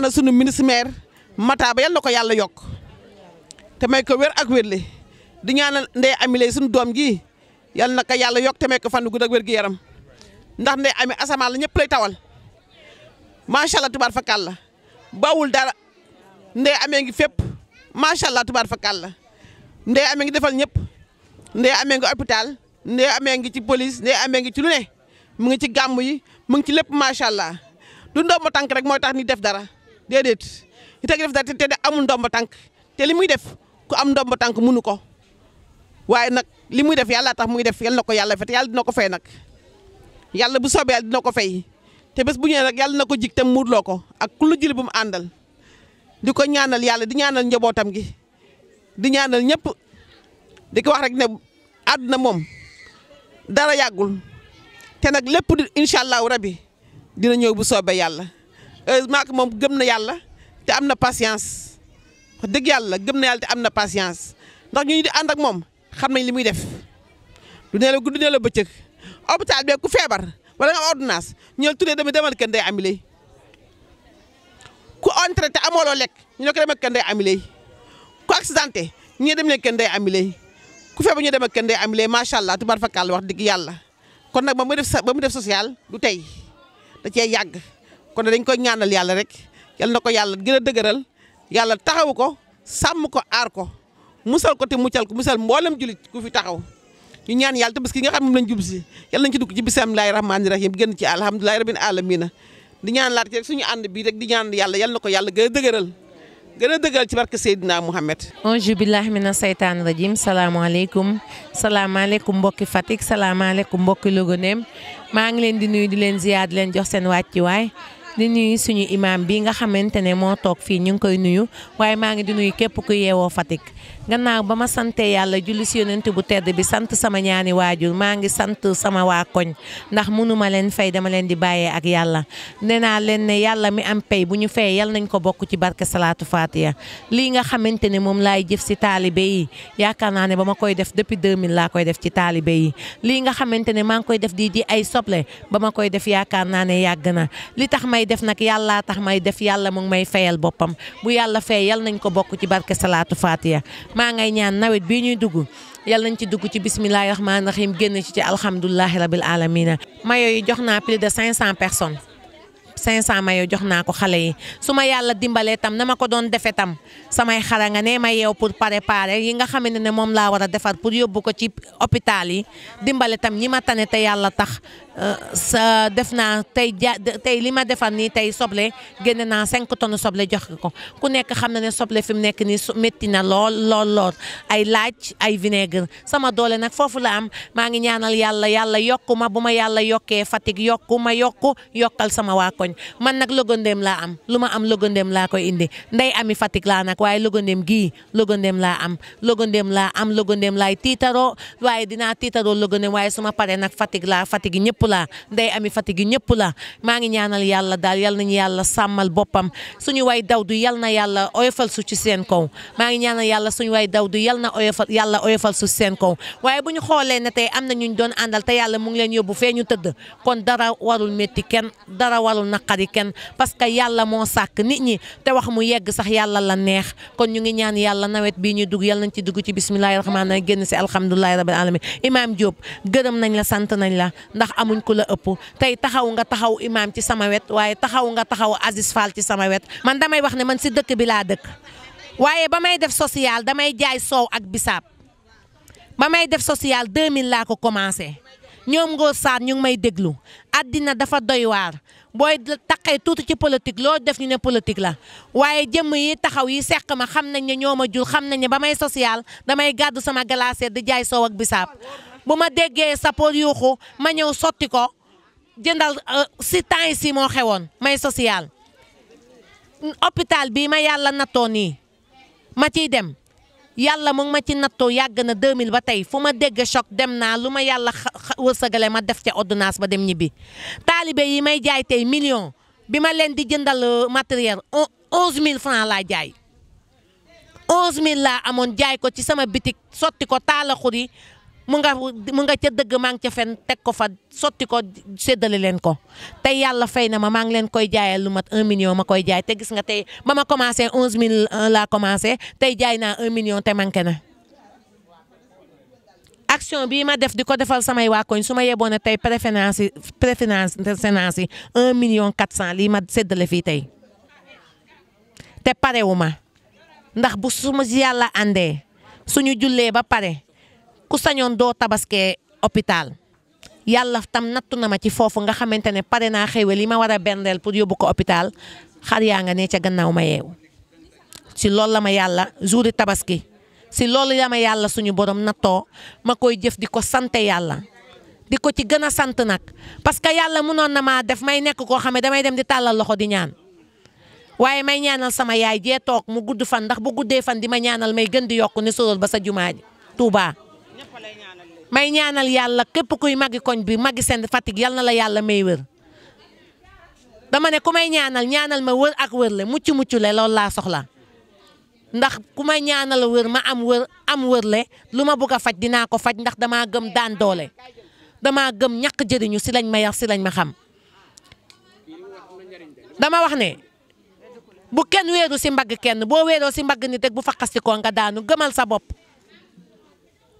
ñaanal sunu ministre maire Matar Ba yal na ko yàlla yokk te may ko wér ak wérle di ñaanal ami lay doom ji yal na yàlla yokk te ko fan gudd ak yaram ndax ndey ami asamaan la ñëpp lay tawal macha allah bawul dara ndey amee ngi fépp macha allah tubaar fakal ngi defal ñëpp ndey amee ngi hôpital ndey amee ngi ci police ndey amee ngi ci lu mu ngi ci gàmm yi mu ngi ci lépp macha allah du ndoom ma tànk rek mooy tax ni def dara. déedéet ñu teg def dara te de amul ndomba tànk te li muy def ku am ndomba tànk munu ko waaye nag li muy def yàlla tax muy def yal na ko yàlla fay yàlla dina ko fay nag yàlla bu soobee yàlla dina ko fay te bés bu ñëwee nag yàlla na ko jig tam ko ak ku lu jël bu mu àndal di ko ñaanal yàlla di ñaanal njabootam gi di ñaanal ñëpp di ko wax rek ne àdduna moom dara yàggul te nag lépp di incha allahu rabi dina ñëw bu soobee yàlla. heureusement que moom gëm na yàlla te am na patience dëgg yàlla gëm na yàlla am na patience ndax ñu di ànd ak moom xam nañ li muy def du ne la gudd ne la bëccëg hôpital bee ku feebar wala nga am ordonnance ñu tuddee dama demal kenn day amilé ku entraité amoo loo lekk ñu ne ko dem ak kenn day amilé ku accidenté ñu ne dem leen kenn day amilé ku feebar ñu dem ak kenn day amilé macha allah tubaar fakkaal wax dëgg yàlla kon nag ba mu def mu def social du tey da cee yàgg. kon dañ koy ñaanal yàlla rek yal na ko yàlla gën a dëgëral yàlla taxaw ko sàmm ko aar ko musal ko te muccal ko musal mboolem julit ku fi taxaw ñu ñaan yàlla tabaski nga xam moom lañ jub si yal nañ ci dugg ci bismillaahi rahmaani rahiim génn ci alhamdulillaahi rabbil aalamiina di ñaan laat rek suñu ànd bii rek di ñaan yàlla yal na ko yàlla gën a dëgëral gën a dëggal ci barke Seydina Mouhamed. auzu na mina seytaani rajiim salaamaaleykum salaamaaleykum mbokki Fatick salaamaaleykum mbokki Louga neem maa ngi leen di nuyu di leen ziyaar di leen jox seen wàccuwaay di nuyu suñu imaam bi nga xamante ne moo toog fii ñu ngi koy nuyu waaye maa ngi di nuyu képp ku yeewoo Fatick gannaaw ba ma santee yàlla julli si yonent bu tedd bi sant sama ñaani waajur maa ngi sant sama waa koñ ndax mënuma leen fay dama leen di bàyyee ak yàlla nee naa leen ne yàlla mi am pay bu ñu fay yal nañ ko bokk ci barke salaatu fatiha lii nga xamante ne moom laay jëf si taalibe yi yaakaar naa ne ba ma koy def depuis 2000 laa koy def ci taalibe yi lii nga xamante ne maa ngi koy def di ji ay soble ba ma koy def yaakaar naa ne yàgg na may def nag yàllaa tax may def yàlla mu ngi may fayal boppam bu yàlla fay yal nañ ko bokk ci barke salaatu fatiha maa ngay ñaan nawet bi ñuy dugg yal nañ ci dugg ci bismillahi rahmaani rahim génn ci ci alhamdulilahi rabil alamina mayo yi jox naa plus de 500 personnes 500 mayo jox naa ko xale yi su ma yàlla dimbalee tam na ma ko doon defee tam samay xara nga ne ma yeew pour préparer yi nga xamante ne moom laa war a defar pour yóbbu ko ci hôpital yi dimbale tam ñi ma tane te yàlla tax Euh, sa def naa tey ja tey li ma defar nii tey soble génne naa 5 tonnes soble jox ko ku nekk xam na ne soble fi mu nekk nii su métti na lool lool lool ay laaj ay vinaigre sama doole nag foofu la am maa ngi ñaanal yàlla yàlla yokku ma bu ma yàlla yokkee Fatick yokku ma yokk yokkal sama waa man nag logandéem laa am lu ma am logandéem laa koy indi nday ami Fatick laa nag waaye logandéem gii logandéem laa am logandéem laa am logandéem laay tiitaroo waaye dinaa tiitaroo logandéem waaye su ma paree nag Fatick laa Fatick ñëpp la nday ami Fatick ñëpp la maa ngi ñaanal yàlla daal yal nañu yàlla sàmmal boppam suñu daw dawdu yal na yàlla oyofal su ci seen kow maa ngi ñaanal yàlla suñu daw di yal na oyofal yàlla oyofal su ci seen kaw waaye bu ñu xoolee ne tey am na ñu doon àndal te yàlla mu ngi leen yóbbu fee ñu tëdd kon dara warul métti kenn dara warul naqari kenn parce que yàlla moo sàkk nit ñi te wax mu yegg sax yàlla la neex kon ñu ngi ñaan yàlla nawet bii ñuy dugg yàlla nañ ci dugg ci bismillahi rahmaani rahiim génn si alhamdulilahi rabbil alamin imaam Diop gërëm nañ la sant nañ amuñ ku la ëpp tey taxaw nga taxaw imaam ci sama wet waaye taxaw nga taxaw Aziz Fall ci sama wet man damay wax ne man si dëkk bi laa dëkk waaye ba may def social damay jaay soow ak bisaab ba may def social 2000 laa ko commencé ñoom ngoo saat ñu ngi may déglu àddina dafa doy waar booy taqee tuuti ci politique loo def ñu ne politique la waaye jëmm yi taxaw yi seq ma xam nañ ne ñoo ma jur xam nañ ne ba may social damay gàddu sama glacière di jaay soow ak bisaab bu ma déggee sapeur yuuxu ma ñëw sotti ko jëndal euh, si temps yi moo xewoon may social hôpital bii ma yàlla nattoo nii ma ci dem yàlla mu ma ci nattoo yàgg na 2000 ba tey fu ma dégg choc dem naa lu ma yàlla wërsëgale ma def ci ordinance ba dem ñibbi taalibe yi may jaay tey million bi ma leen di jëndal euh, matériel onze mille francs laa jaay onze mille laa amoon jaay ko ci sama bitik sotti ko taala xuri mu nga mu nga ca dëgg maa ngi ca fen teg ko fa sotti ko séddale leen ko tey yàlla fay na ma maa ngi leen koy jaaya lu mat 1 million ma koy jaay te gis nga tey ba ma commencé 11000 euh, laa commencé tey jaay naa 1 million te manqué na. action bii ma def di ko defal samay waa su ma yeboon tey préfinance préfinance yi un million 400 lii ma séddale fii tey te parewu ma ndax bu su ma yàlla àndee suñu jullee ba pare. ku sañoon doo tabaskee hôpital yàlla tam nattu na ma ci foofu nga xamante ne pare naa xéwal li ma war a berndeel pour yóbbu ko hôpital xar yaa nga ne ca gannaaw ma yeewu si loolu la ma yàlla jouri tabaski si loolu la ma yàlla suñu borom nattoo ma koy jëf di ko sant yàlla di ko ci gën a sant nag parce que yàlla mënoon na maa def may nekk koo xam ne damay dem di tàllal loxo di ñaan waaye may ñaanal sama yaay jee toog mu gudd fan ndax bu guddee fan di ma ñaanal may gën di yokk ne sorool ba sa jumaa may ñaanal yàlla képp kuy magi koñ bi magi seen Fatick yal na la yàlla may wér dama ne ku may ñaanal ñaanal ma wër ak wër le mucc mucc le loolu laa soxla ndax ku may ñaanal wër ma am wër am wër le lu ma bugg a faj dinaa ko faj ndax dama gëm daan doole dama gëm ñàkk jëriñu si lañ ma yar si lañ ma xam dama wax ne bu kenn wéeru si mbagg kenn boo wéeroo si mbagg ni rek bu faqas ko nga daanu gëmal sa bopp.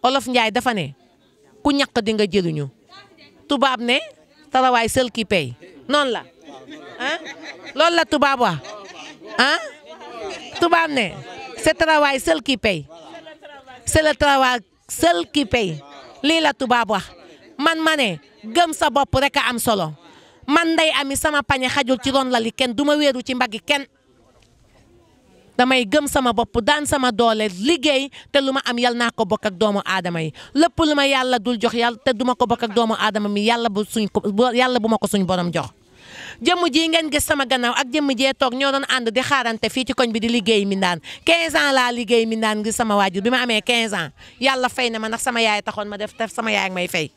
olof Njaay dafa ne ku ñaq di nga jëriñu tubaab ne tarawaay sël ki pay noonu la ah loolu la tubaab wa tubaab ne c'est travail seul qui paye c'est le travail seul qui lii la tubaab wax man ma ne gëm sa bopp rek a am solo man nday ami sama pañe xajul ci ron la li kenn du ma wéeru ci mbaggi kenn damay gëm sama bopp daan sama doole liggéey te lu ma am yal naa ko bokk doomu aadama yi lépp lu ma yàlla dul jox yàlla te du ma ko bokk doomu aadama mi yàlla bu suñ ko yàlla bu ma ko suñ borom jox. jëmm jii ngeen gis sama gannaaw ak jëm jee toog ñoo doon ànd di xaarante fii ci koñ bi di liggéey mindaan 15 ans laa liggéey mindaan ngir sama waajur bi ma amee 15 ans yàlla fay na ma ndax sama yaay taxoon ma def te sama yaay ak may fay.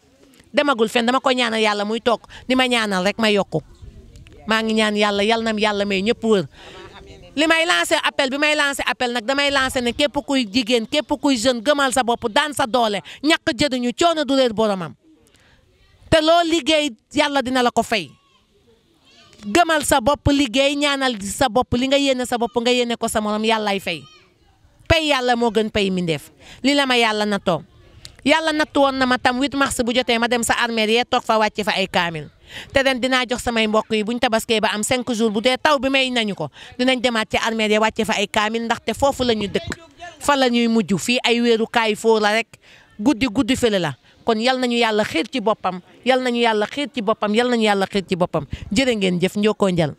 demagul fen dama ko ñaanal yàlla muy toog di ma ñaanal rek ma yokku ngi yàlla yal na yàlla may ñëpp wër li may lancé appel bi may lancé appel nag damay lancé ne képp kuy jigéen képp kuy jeune gëmal sa bopp daan sa doole ñàkk jëriñu coono du réer boromam te loo liggéey yàlla dina la ko fay. gëmal sa bopp liggéey ñaanal sa bopp li nga yéene sa bopp nga yéene ko sa morom yàllaay fay pay yàlla moo gën pay mindeef li la ma yàlla na toom yàlla natt woon na ma tam 8 mars bu jotee ma dem sa armée yee toog fa wàcce fa ay kaamil te ren dinaa jox samay mbokk yi buñ tabaskee ba am 5 jours bu dee taw bi may nañu ko dinañ demaat ci armée yee wàcce fa ay kaamil ndaxte foofu la ñu dëkk fa la ñuy mujj fii ay wéerukaay foo la rek guddi guddi fële la kon yal nañu yàlla xiir ci boppam yal nañu yàlla xiir ci boppam yal nañu yàlla xiir ci boppam jërë ngeen jëf Njoko Njal